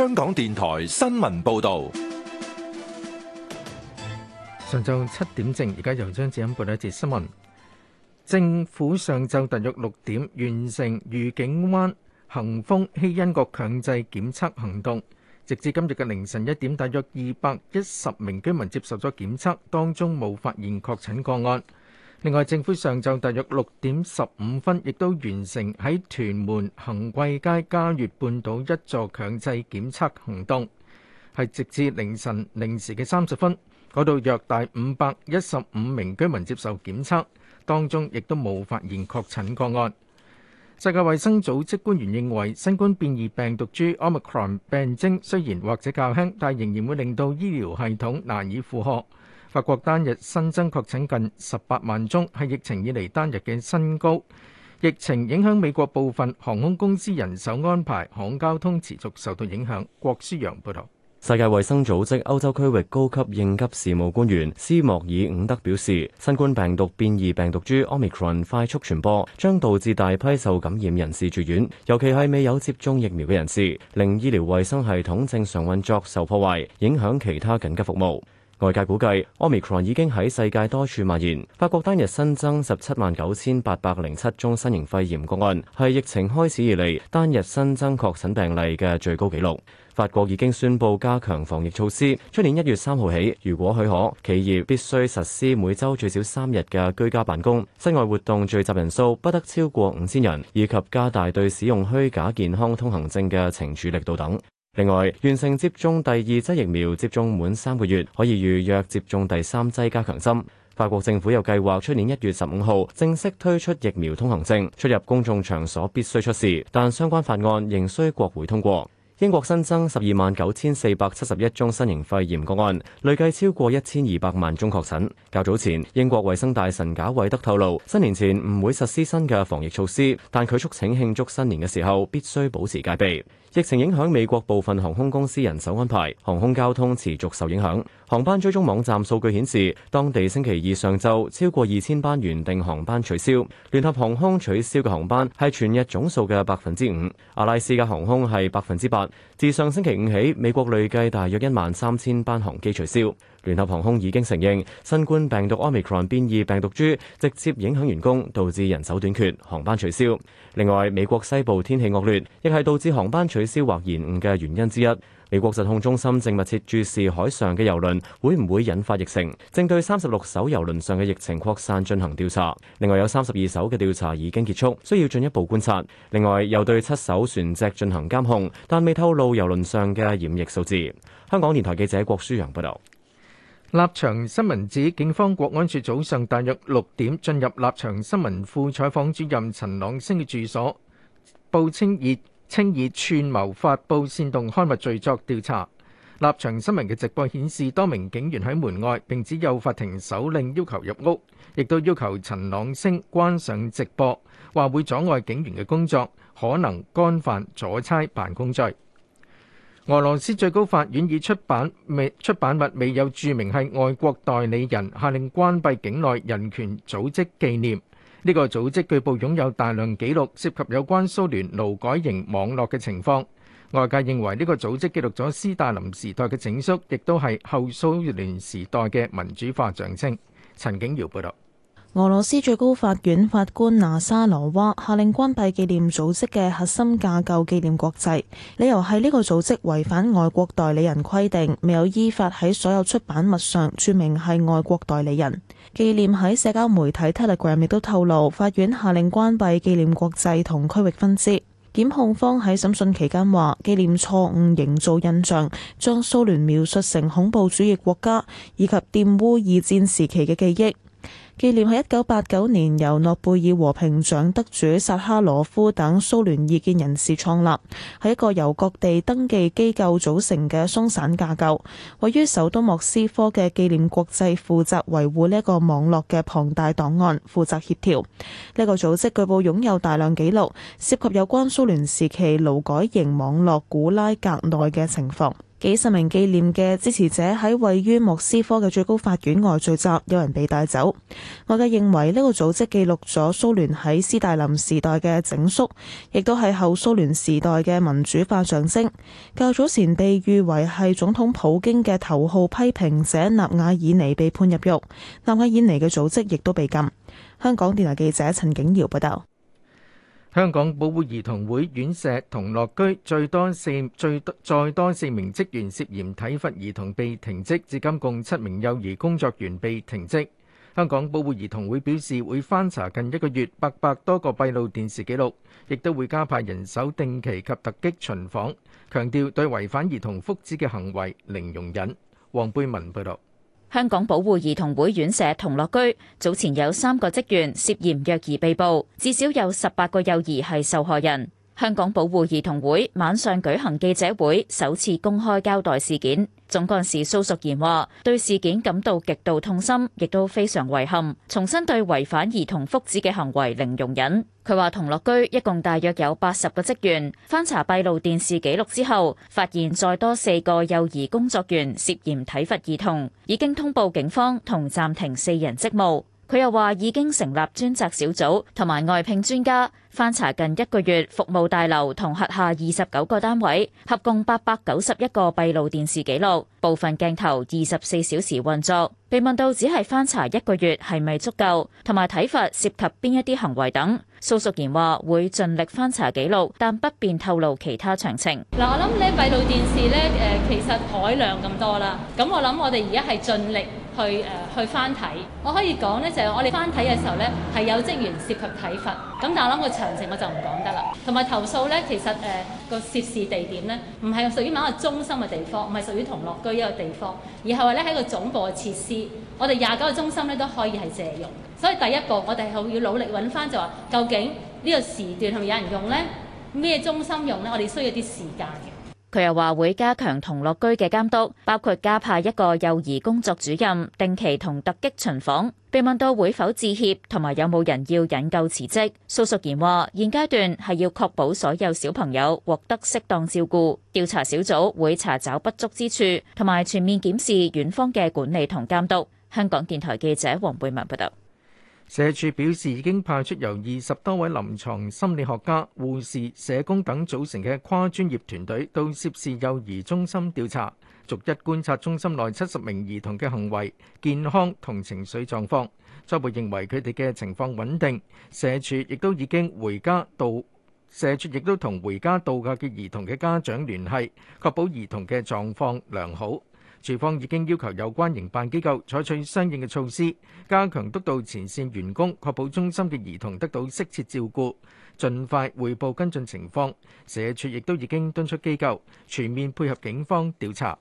香港電台新聞報道，上晝七點正，而家由張志欣播一節新聞。政府上晝大約六點完成愉景灣恒豐希欣閣強制檢測行動，直至今日嘅凌晨一點，大約二百一十名居民接受咗檢測，當中冇發現確診個案。另外，政府上晝大約六點十五分亦都完成喺屯門恒貴街嘉悦半島一座強制檢測行動，係直至凌晨零時嘅三十分，嗰度約大五百一十五名居民接受檢測，當中亦都冇發現確診個案。世界衛生組織官員認為，新冠變異病毒株 Omicron 病徵雖然或者較輕，但仍然會令到醫療系統難以負荷。法國單日新增確診近十八萬宗，係疫情以嚟單日嘅新高。疫情影響美國部分航空公司人手安排，航交通持續受到影響。郭思陽報道。世界衛生組織歐洲區域高級應急事務官員斯莫爾伍德表示，新冠病毒變異病毒株 Omicron 快速傳播，將導致大批受感染人士住院，尤其係未有接種疫苗嘅人士，令醫療衛生系統正常運作受破壞，影響其他緊急服務。外界估計，Omicron 已經喺世界多處蔓延。法國單日新增十七萬九千八百零七宗新型肺炎個案，係疫情開始以嚟單日新增確診病例嘅最高紀錄。法國已經宣布加強防疫措施。出年一月三號起，如果許可，企業必須實施每週最少三日嘅居家辦公，室外活動聚集人數不得超過五千人，以及加大對使用虛假健康通行證嘅懲處力度等。另外，完成接種第二劑疫苗接種滿三個月，可以預約接種第三劑加強針。法國政府又計劃，出年一月十五號正式推出疫苗通行證，出入公眾場所必須出示，但相關法案仍需國會通過。英國新增十二萬九千四百七十一宗新型肺炎個案，累計超過一千二百萬宗確診。較早前，英國衛生大臣賈偉德透露，新年前唔會實施新嘅防疫措施，但佢促請慶祝新年嘅時候必須保持戒備。疫情影響美國部分航空公司人手安排，航空交通持續受影響。航班追蹤網站數據顯示，當地星期二上晝超過二千班原定航班取消。聯合航空取消嘅航班係全日總數嘅百分之五，阿拉斯加航空係百分之八。自上星期五起，美國累計大約一萬三千班航機取消。聯合航空已經承認，新冠病毒 Omicron 變異病毒株直接影響員工，導致人手短缺，航班取消。另外，美國西部天氣惡劣，亦係導致航班取消或延誤嘅原因之一。美國疾控中心正密切注視海上嘅遊輪會唔會引發疫情，正對三十六艘遊輪上嘅疫情擴散進行調查。另外，有三十二艘嘅調查已經結束，需要進一步觀察。另外，又對七艘船，船隻進行監控，但未透露遊輪上嘅染疫數字。香港電台記者郭舒揚報道。立場新聞指，警方國安處早上大約六點進入立場新聞副採訪主任陳朗昇嘅住所，報稱以稱以串謀發布煽動刊物罪作調查。立場新聞嘅直播顯示，多名警員喺門外，並指有法庭手令要求入屋，亦都要求陳朗昇關上直播，話會阻礙警員嘅工作，可能干犯阻差辦公罪。俄羅斯最高法院以出版未出版物未有註明係外國代理人，下令關閉境內人權組織紀念。呢個組織據報擁有大量記錄，涉及有關蘇聯勞改營網絡嘅情況。外界認為呢個組織記錄咗斯大林時代嘅整肅，亦都係後蘇聯時代嘅民主化象徵。陳景堯報道。俄羅斯最高法院法官娜莎羅娃下令關閉紀念組織嘅核心架構紀念國際，理由係呢個組織違反外國代理人規定，未有依法喺所有出版物上注明係外國代理人。紀念喺社交媒體 Telegram 亦都透露，法院下令關閉紀念國際同區域分支。檢控方喺審訊期間話，紀念錯誤營造印象，將蘇聯描述成恐怖主義國家，以及玷污二戰時期嘅記憶。紀念喺一九八九年由諾貝爾和平獎得主薩哈羅夫等蘇聯異見人士創立，係一個由各地登記機構組成嘅鬆散架構，位於首都莫斯科嘅紀念國際負責維護呢一個網絡嘅龐大檔案，負責協調呢、這個組織據報擁有大量記錄，涉及有關蘇聯時期勞改營網絡古拉格內嘅情況。幾十名紀念嘅支持者喺位於莫斯科嘅最高法院外聚集，有人被帶走。外界認為呢個組織記錄咗蘇聯喺斯大林時代嘅整肅，亦都係後蘇聯時代嘅民主化上升。較早前被譽為係總統普京嘅頭號批評者納瓦爾尼被判入獄，納瓦爾尼嘅組織亦都被禁。香港電台記者陳景堯報道。香港保護兒童會院舍童樂居最多四最多再多四名職員涉嫌體罰兒童被停職，至今共七名幼兒工作員被停職。香港保護兒童會表示會翻查近一個月八百多個閉路電視記錄，亦都會加派人手定期及突擊巡訪，強調對違反兒童福祉嘅行為零容忍。黃貝文報道。香港保護兒童會院舍童樂居早前有三個職員涉嫌虐兒被捕，至少有十八個幼兒係受害人。香港保護兒童會晚上舉行記者會，首次公開交代事件。總幹事蘇淑賢話：對事件感到極度痛心，亦都非常遺憾。重申對違反兒童福祉嘅行為零容忍。佢話：童樂居一共大約有八十個職員，翻查閉路電視記錄之後，發現再多四個幼兒工作員涉嫌體罰兒童，已經通報警方同暫停四人職務。佢又話：已經成立專責小組同埋外聘專家。翻查近一個月服務大樓同轄下二十九個單位，合共八百九十一個閉路電視記錄，部分鏡頭二十四小時運作。被問到只係翻查一個月係咪足夠，同埋睇法涉及邊一啲行為等，蘇淑賢話會盡力翻查記錄，但不便透露其他詳情。嗱，我諗呢，閉路電視咧，誒其實海量咁多啦，咁我諗我哋而家係盡力，去誒、呃、去翻睇，我可以講呢，就係、是、我哋翻睇嘅時候呢，係有職員涉及體罰，咁但係我諗個詳情我就唔講得啦。同埋投訴呢，其實誒、呃、個涉事地點呢，唔係屬於某個中心嘅地方，唔係屬於同樂居一個地方，而係話呢喺個總部嘅設施，我哋廿九個中心呢，都可以係借用。所以第一步我哋係要努力揾翻就話，究竟呢個時段係咪有人用呢？咩中心用呢？我哋需要啲時間。佢又話會加強同樂居嘅監督，包括加派一個幼兒工作主任，定期同突擊巡訪。被問到會否致歉同埋有冇人要引咎辭職，蘇淑賢話：現階段係要確保所有小朋友獲得適當照顧，調查小組會查找不足之處，同埋全面檢視院方嘅管理同監督。香港電台記者黃貝文報道。社署表示，已經派出由二十多位臨床心理學家、護士、社工等組成嘅跨專業團隊到涉事幼兒中心調查，逐一觀察中心內七十名兒童嘅行為、健康同情緒狀況。初步認為佢哋嘅情況穩定。社署亦都已經回家度，社署亦都同回家度假嘅兒童嘅家長聯繫，確保兒童嘅狀況良好。處方已經要求有關營辦機構採取相應嘅措施，加強督導前線員工，確保中心嘅兒童得到適切照顧，盡快匯報跟進情況。社署亦都已經敦促機構全面配合警方調查。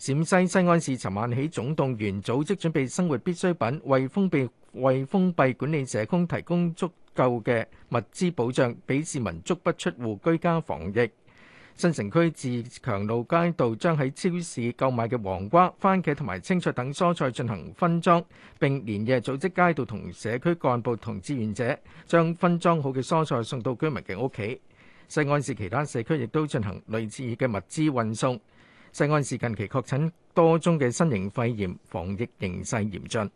陝西西安市尋晚起總動員，組織準備生活必需品，為封閉為封閉管理社工提供足夠嘅物資保障，俾市民足不出戶居家防疫。新城區自強路街道將喺超市購買嘅黃瓜、番茄同埋青菜等蔬菜進行分裝，並連夜組織街道同社區幹部同志願者將分裝好嘅蔬菜送到居民嘅屋企。西安市其他社區亦都進行類似嘅物資運送。西安市近期確診多宗嘅新型肺炎，防疫形勢嚴峻。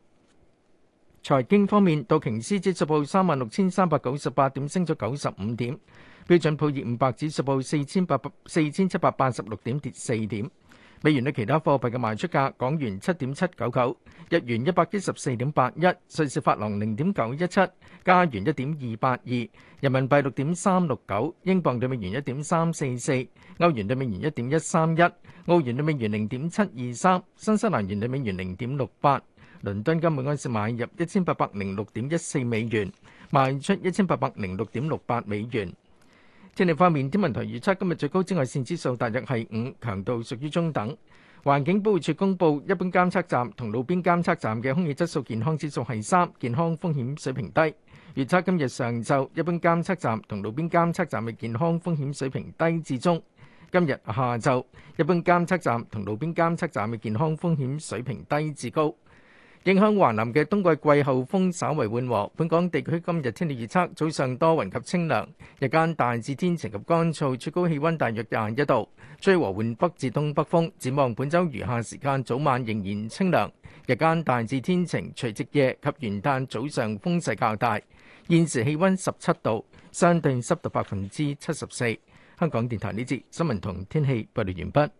財經方面，道瓊斯指數報三萬六千三百九十八點，升咗九十五點。標準普爾五百指數報四千八百四千七百八十六點跌四點。美元對其他貨幣嘅賣出價：港元七點七九九，日元一百一十四點八一，瑞士法郎零點九一七，加元一點二八二，人民幣六點三六九，英鎊對美元一點三四四，歐元對美元一點一三一，澳元對美元零點七二三，新西蘭元對美元零點六八。倫敦金每安士買入一千八百零六點一四美元，賣出一千八百零六點六八美元。天氣方面，天文台預測今日最高紫外線指數大約係五，強度屬於中等。環境保護署公布，一般監測站同路邊監測站嘅空氣質素健康指數係三，健康風險水平低。預測今日上晝，一般監測站同路邊監測站嘅健康風險水平低至中。今日下晝，一般監測站同路邊監測站嘅健康風險水平低至高。影響華南嘅冬季季候風稍為緩和，本港地區今日天氣預測早上多雲及清涼，日間大致天晴及乾燥，最高氣溫大約廿一度，吹和緩北至東北風。展望本周餘下時間早晚仍然清涼，日間大致天晴，除夕夜及元旦早上風勢較大。現時氣溫十七度，相對濕度百分之七十四。香港電台呢節新聞同天氣報道完畢。